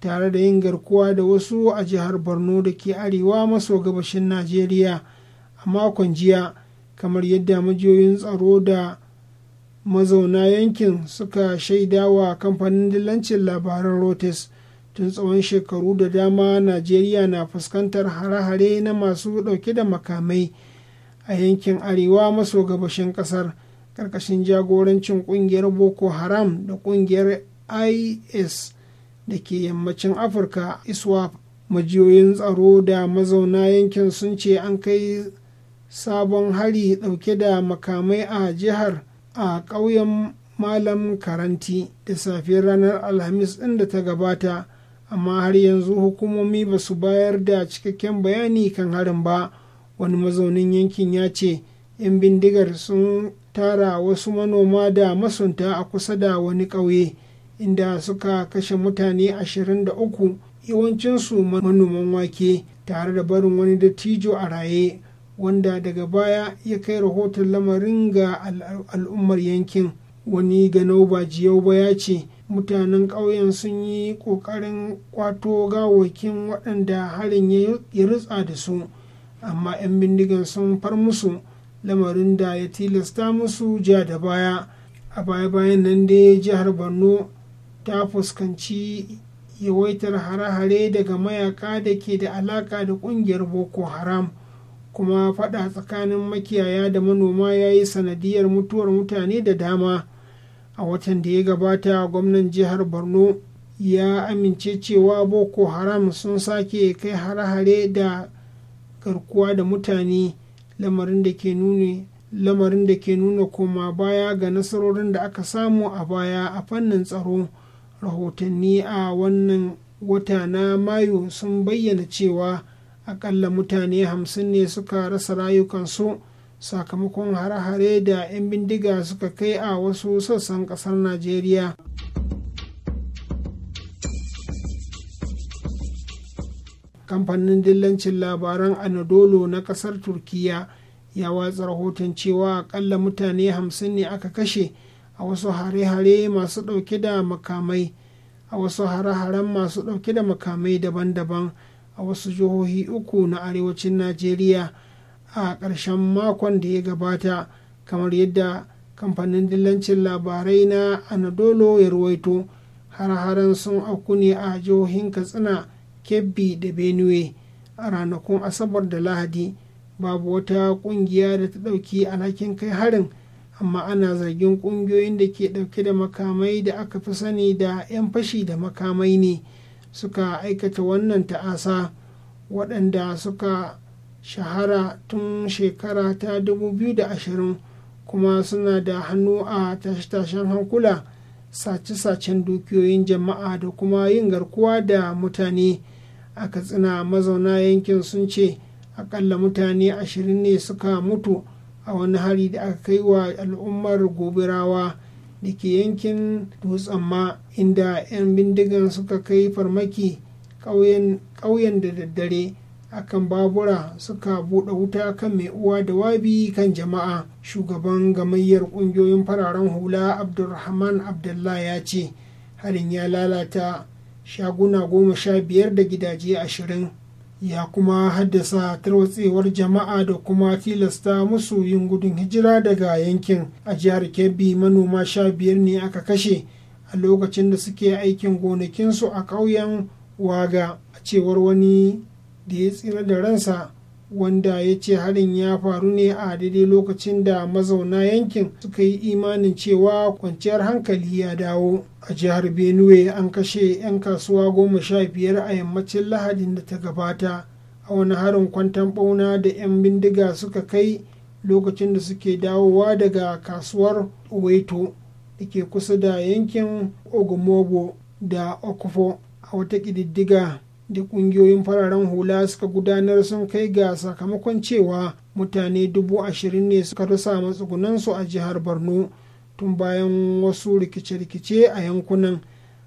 tare da yin garkuwa da wasu a jihar borno da ke arewa maso gabashin najeriya a makon jiya kamar yadda majiyoyin tsaro da mazauna yankin suka shaidawa kamfanin dillancin labaran rotes tun tsawon shekaru da dama najeriya na fuskantar hare-hare na masu dauke da makamai a yankin arewa maso gabashin kasar karkashin jagorancin kungiyar boko haram da kungiyar is da ke yammacin afirka iswap majiyoyin tsaro da mazauna yankin sun ce an kai sabon hari dauke da makamai a jihar a ƙauyen malam karanti da safiyar ranar alhamis ɗin da ta gabata amma har yanzu hukumomi ba su bayar da cikakken bayani kan harin ba wani mazaunin yankin ya ce 'yan bindigar sun tara wasu manoma da masunta a kusa da wani ƙauye inda suka kashe mutane 23 yawancinsu manoman wake tare da barin wani dattijo a raye wanda daga baya ya kai rahoton lamarin ga al'ummar yankin wani ganauba ba ya ce mutanen ƙauyen sun yi ƙoƙarin kwato gawakin waɗanda harin ya rutsa da su amma 'yan bindigan sun far musu lamarin da ya tilasta musu ja da baya a baya-bayan nan dai jihar borno ta fuskanci yawaitar hare-hare daga mayaka da ke da alaka da ƙungiyar boko haram kuma faɗa tsakanin makiyaya da manoma ya yi sanadiyar mutuwar mutane da dama a watan da ya gabata gwamnan jihar borno ya amince cewa boko haram sun sake kai hare-hare da garkuwa da mutane lamarin da ke nuni lamarin da ke nuna koma baya ga nasarorin da aka samu a baya a fannin tsaro rahotanni a wannan wata na mayu sun bayyana cewa akalla mutane hamsin ne suka rasa rayukansu sakamakon hare-hare da 'yan bindiga suka kai a wasu sassan kasar najeriya kamfanin dillancin labaran anadolu na kasar turkiya ya watsa rahoton cewa akalla mutane hamsin ne aka kashe a wasu hare-hare masu ɗauke da makamai a wasu hare-haren masu ɗauke da makamai daban-daban a wasu jihohi uku na arewacin najeriya a ƙarshen makon da ya gabata kamar yadda kamfanin dillancin labarai na anadolo ya ruwaito har-haren sun auku ne a jihohin katsina kebbi da benue a ranakun asabar da lahadi babu wata kungiya da ta ɗauki alhakin kai harin amma ana zargin ƙungiyoyin da ke ɗauke da makamai da aka fi sani da 'yan fashi da makamai ne. suka aikata wannan ta'asa waɗanda suka shahara tun shekara ta 2020 kuma suna da hannu a tashe-tashen hankula sace-sacen dukiyoyin jama'a da kuma yin garkuwa da mutane a katsina mazauna yankin sun ce akalla mutane ashirin ne suka mutu a wani hari da aka kai wa al'ummar gobirawa da yankin dutsen ma inda 'yan bindigan suka kai farmaki ƙauyen da daddare akan babura suka buɗe wuta kan mai uwa da wabi kan jama'a shugaban gamayyar ƙungiyoyin fararen hula abdulrahman abdullah ya ce harin ya lalata shaguna goma sha biyar da gidaje ashirin ya kuma haddasa tarwatsewar jama'a da kuma tilasta musu yin gudun hijira daga yankin a jihar kebbi manoma sha biyar ne aka kashe a lokacin da suke aikin gonakinsu a ƙauyen waga a cewar wani da ya tsira da ransa wanda ya ce harin ya faru ne a daidai lokacin da mazauna yankin suka yi imanin cewa kwanciyar hankali ya dawo a jihar benue an kashe 'yan kasuwa goma sha biyar a yammacin lahadin da ta gabata a wani harin kwantan bauna da 'yan bindiga suka kai lokacin da suke dawowa daga kasuwar Owaito da ke kusa da yankin ogumogo da okufo a wata ƙididdiga da kungiyoyin fararen hula suka gudanar sun kai ga sakamakon cewa mutane dubu ashirin ne suka rasa matsugunansu a jihar borno tun bayan wasu rikice-rikice a yankunan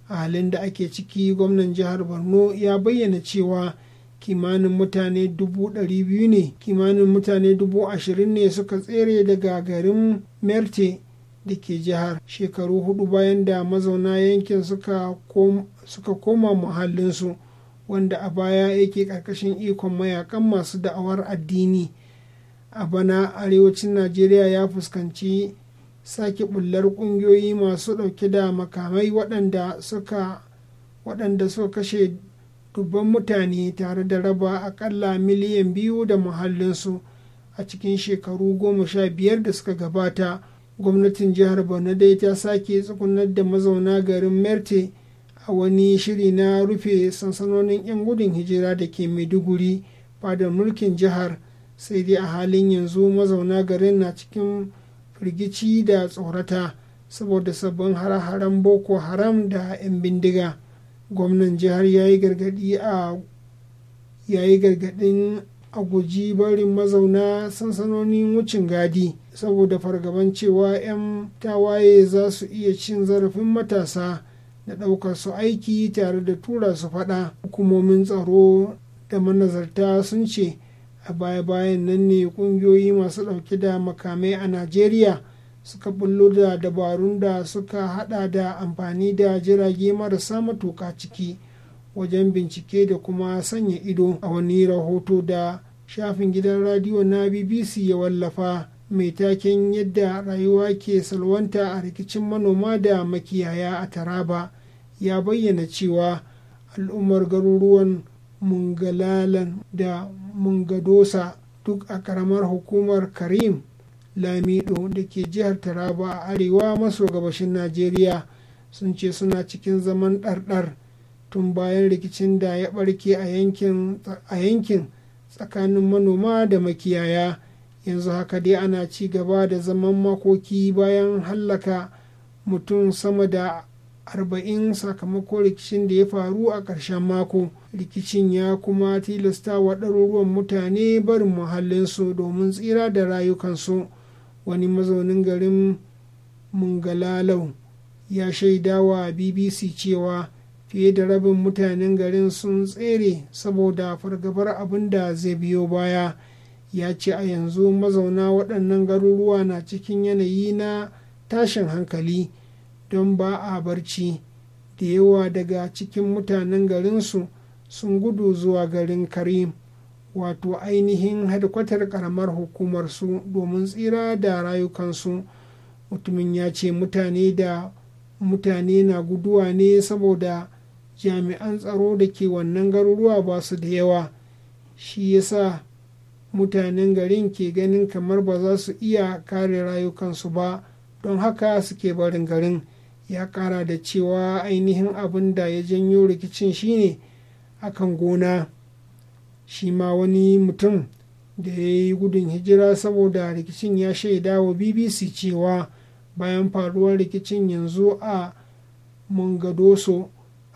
a halin da ake ciki gwamnan jihar borno ya bayyana cewa kimanin mutane dubu ɗari biyu ne kimanin mutane dubu ashirin ne suka tsere daga garin merte da ke jihar shekaru hudu bayan da mazauna yankin suka koma muhallinsu wanda a baya yake ƙarƙashin ikon mayakan masu da'awar addini a bana arewacin najeriya ya fuskanci sake bullar ƙungiyoyi masu ɗauke da makamai waɗanda suka waɗanda suka kashe dubban mutane tare da raba akalla miliyan biyu da muhallinsu a cikin shekaru goma sha biyar da suka gabata gwamnatin jihar borno dai ta sake tsugunar da mazauna garin merte a wani shiri na rufe sansanonin 'yan gudun hijira da ke maiduguri fadar mulkin jihar sai dai a halin yanzu mazauna garin na cikin firgici da tsorata saboda sabbin hare-haren boko haram da 'yan bindiga gwamnan jihar ya yi gargadin a guji barin mazauna sansanonin wucin gadi saboda fargaban cewa 'yan tawaye za su iya cin zarafin matasa da ɗaukar su aiki tare da tura su faɗa hukumomin tsaro da manazarta sun ce a baya-bayan nan ne ƙungiyoyi masu ɗauke da makamai a najeriya suka bullo da dabarun da suka haɗa da amfani da jirage marasa matuƙa ciki wajen bincike da kuma sanya ido a wani rahoto da shafin gidan radiyo na bbc ya wallafa mai taken yadda rayuwa ke salwanta a rikicin manoma da makiyaya a taraba ya bayyana cewa al'ummar garuruwan mungalalan da mungadosa duk a karamar hukumar karim lamido da ke jihar taraba a arewa maso gabashin najeriya sun ce suna cikin zaman ɗarɗar tun bayan rikicin da ya ɓarke a yankin tsakanin manoma da makiyaya yanzu haka dai ana ci gaba da zaman makoki bayan hallaka mutum sama da arba'in sakamakon rikicin da ya faru a ƙarshen mako rikicin ya kuma tilasta wa ɗaruruwan mutane barin muhallinsu domin tsira da rayukansu wani mazaunin garin mungalalau ya shaidawa bbc cewa fiye da rabin mutanen garin sun tsere saboda fargabar abin da zai biyo baya ya ce a yanzu mazauna waɗannan garuruwa na cikin yanayi na tashin hankali. don ba a barci da yawa daga cikin mutanen garinsu sun gudu zuwa garin karim wato ainihin hadkwatar karamar hukumarsu domin tsira da rayukansu mutumin ya ce mutane da mutane na guduwa ne saboda jami'an tsaro da ke wannan garuruwa ba su da yawa shi yasa mutanen garin ke ganin kamar ba za su iya kare rayukansu ba don haka suke barin garin ya kara da cewa ainihin abin da ya janyo rikicin shine akan gona shi ma wani mutum da ya yi gudun hijira saboda rikicin ya shaida wa bbc cewa bayan faruwar rikicin yanzu a mangadoso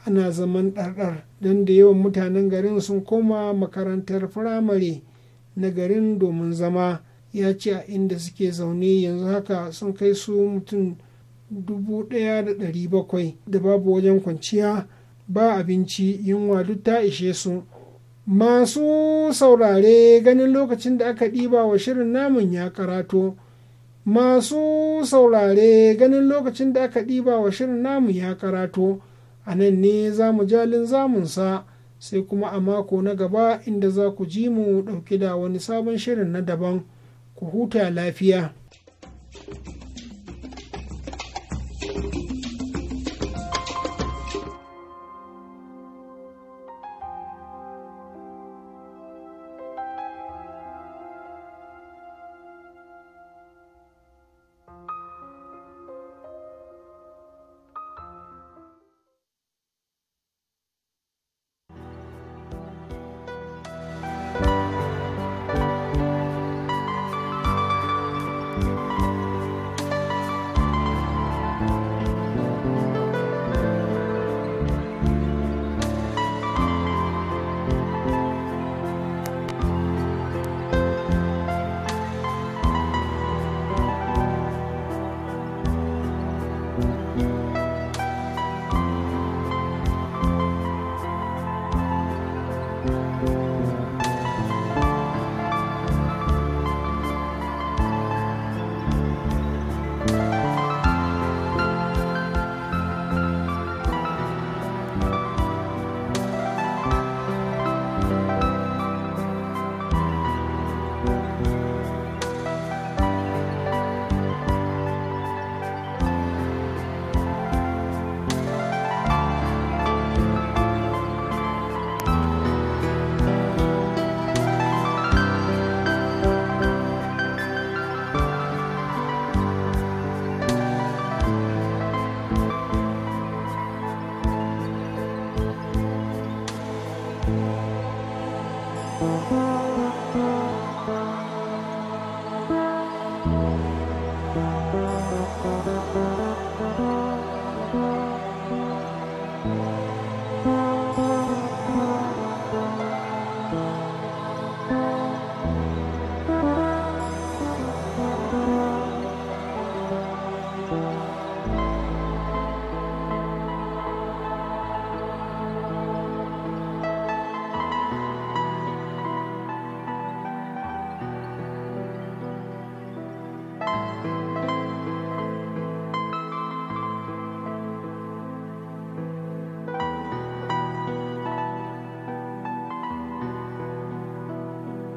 ana zaman ɗarɗar don da yawan mutanen garin sun koma makarantar firamare na garin domin zama ya ce a inda suke zaune yanzu haka sun kai su mutum 1,700 da babu wajen kwanciya ba abinci yunwa duk ta ishe su masu saurare ganin lokacin da aka ɗiba wa shirin namun ya karato masu saurare ganin lokacin da aka ɗiba wa shirin namu ya karato a nan ne za mu jalin zamunsa sai kuma a mako na gaba inda za ku ji mu ɗauki da wani sabon shirin na daban ku huta lafiya